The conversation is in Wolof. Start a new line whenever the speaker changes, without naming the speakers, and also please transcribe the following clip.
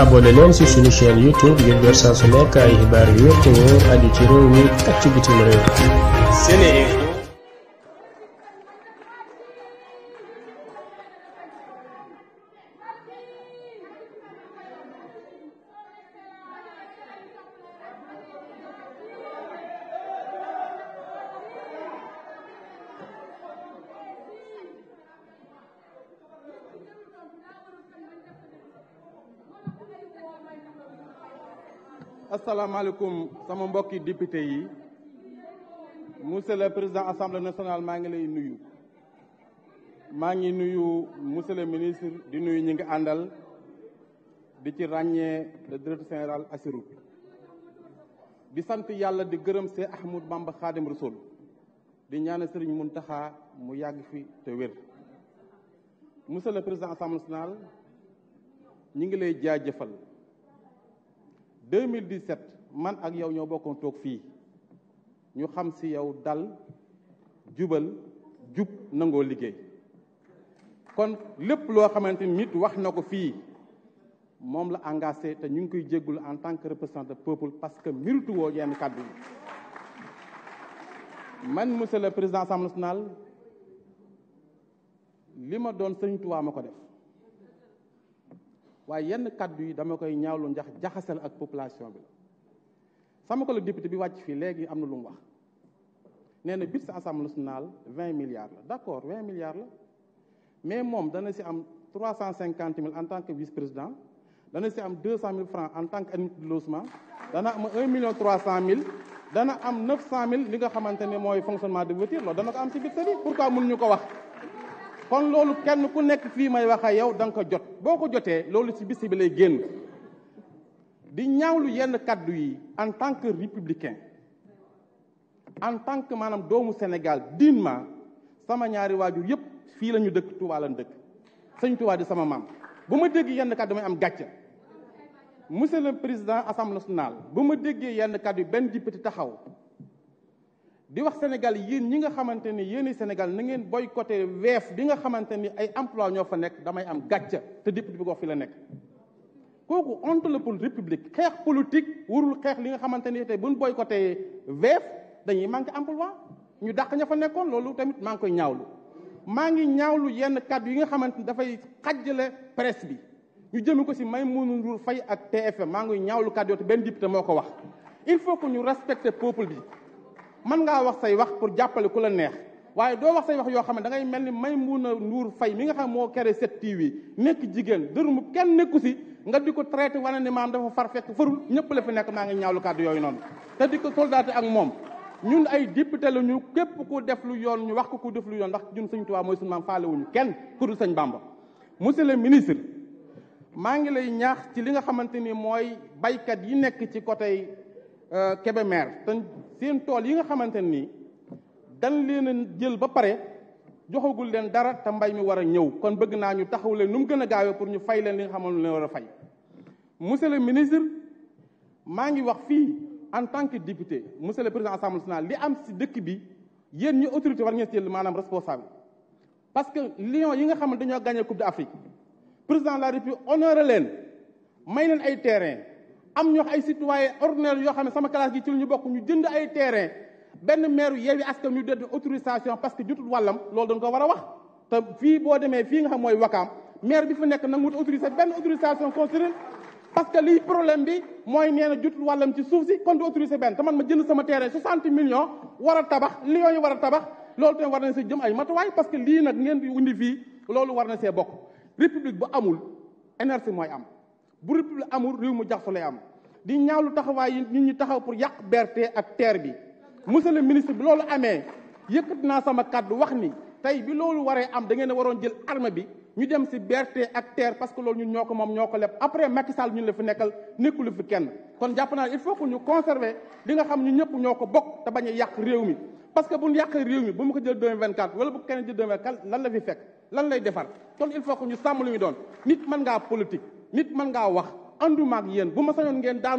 abonné leen ci suñu chaîne YouTube ngir door su nekk ay xibaar yu wér te wóor aju ci asalaamaaleykum sama mbokki député yi monsieur le président assemblée nationale maa ngi lay nuyu maa ngi nuyu monsieur le ministre di nuyu ñi ngi àndal di ci ràññee le directeur général Assirou di sant yàlla di gërëm see Ahmad Bamba Xaadim Rasul di ñaane mun Muntaxa mu yàgg fi te wér monsieur le président assemblée nationale ñi ngi lay jaajëfal 2017 man ak yow ñoo bokkoon toog fii ñu xam si yow dal jubal jub nangoo liggéey kon lépp loo xamante nit wax na ko fii moom la engagé te ñu ngi koy jéggul en tant que représentant peuple parce que méritu woo yenn kàddu man monsieur président assemblée nationale li ma doon sëñ Tuubaa ko def waaye yenn kàddu yi dama koy ñaaw ñaawlu ndax jaxaseel ak population bi la sama collègue député bi wàcc fii léegi am na lu mu wax nee na bit sa assemblée nationale vingt milliards la d' accord vingt milliards la mais moom dana si am trois cinquante mille en tant que vice président dana si am deux cent mille francs en tant que indemnité de logement dana am un million trois cent mille dana am neuf cent mille li nga xamante ne mooy fonctionnement de voiture loolu dana ko am si bit sa bi pourquoi mun ñu ko wax kon loolu kenn ku nekk fii may wax ak yow da ko jot boo ko jotee loolu ci bis bi lay génn di ñaawlu yenn kàddu yi en tant que républicain en tant que maanaam doomu Sénégal dignement sama ñaari waajur yëpp fii la ñu dëkk Touba lañ dëkk sëñ Touba di sama maam bu ma dégg yenn kàddu may am gàcca monsieur le président assemblée nationale bu ma déggee yenn kàddu yi benn député taxaw di wax Sénégal yéen ñi nga xamante ne yéen Sénégal na ngeen boycotté weef bi nga xamante ni ay emploi ñoo fa nekk damay am gàcca te député bi ko fi la nekk kooku honte la pour république xeex politique warul xeex li nga xamante ni tey buñ boycotté weef dañuy manqué emploi ñu dàq ña fa nekkoon loolu tamit maa ngi koy ñaawlu maa ngi ñaawlu yenn kàddu yi nga xamante ni dafay xajjale presse bi ñu jëme ko si Maïmouna Ndour Faye ak tf maa ngi ñaawlu kàddu yoo te benn député moo ko wax il faut que ñu respecté peuple bi mën ngaa wax say wax pour jàppale ku la neex waaye doo wax say wax yoo xam ne da ngay mel ni Maimouna Ndour Faye mi nga xam moo kere 7 yi nekk jigéen dërmu kenn nekku si nga di ko traité wane ne maam dafa far fekk farul ñëpp la fi nekk maa ngi ñaawlu kàddu yooyu noonu te di ko soldaté ak moom ñun ay député la ñu képp ku def lu yoon ñu wax ko ku def lu yoon ndax ñun sëñ Tuubaa mooy suñu maam faalewuñu kenn ku dul sañ Bàmba monsieur le ministre maa ngi lay ñaax ci li nga xamante ni mooy baykat yi nekk ci côté Euh, Kébémer te seen tool yi nga xamante nii dan leen a jël ba pare joxagul leen dara te mbay mi war a ñëw kon bëgg naa ñu taxaw leen nu mu gën a gaawee pour ñu fay leen li nga xaman ne war a fay monsieur le ministre maa ngi wax fii en tant que député monsieur le président assemblée naa li am si dëkk bi yéen ñu autorité war ngeen si jël maanaam responsable parce que lion yi nga xam dañoo gagné coupe d'Afrique président de la république honoré leen may leen ay terrain am ñoo ay citoyen ordinaire yoo xam ne sama classe gi ci lu ñu bokk ñu jënd ay terrain benn maire Yewwi Askan ñu dëdd autorisation parce que jotul wàllam loolu dañ ko war a wax te fii boo demee fii nga xam mooy wakaam maire bi fa nekk nag mu autorisé benn autorisation construire parce que liy problème bi mooy nee na jotul wàllam ci suuf si kon du autorisé benn te man ma jënd sama terrain 60 millions war a tabax lions yi war a tabax loolu tamit war na see jëm ay matuwaay parce que lii nag ngeen di indi fii loolu war na see bokk république bu amul énergie mooy am bu république amul réew mu jax su lay am di lu taxawaay yi ñu ñi taxaw pour yàq berte ak terre bi monsieur le ministre bi loolu amee yëkkat naa sama kàddu wax ni tey bi loolu waree am da ngeen waroon jël arme bi ñu dem si berte ak terre parce que loolu ñun ñoo ko moom ñoo ko leb après Macky Sall ñun la fi nekkal nekkul fi kenn kon jàpp naa il faut que ñu conserver li nga xam ñu ñëpp ñoo ko bokk te bañ a yàq réew mi parce que bu ñu yàqee réew mi bu mu ko jël 2024 wala bu kenn jël 2024 lan la fekk lan lay defar kon il ñu sàmm lu ñu doon nit mën ngaa politique nit man ngaa wax andumaak yéen bu ma sañoon ngeen daanu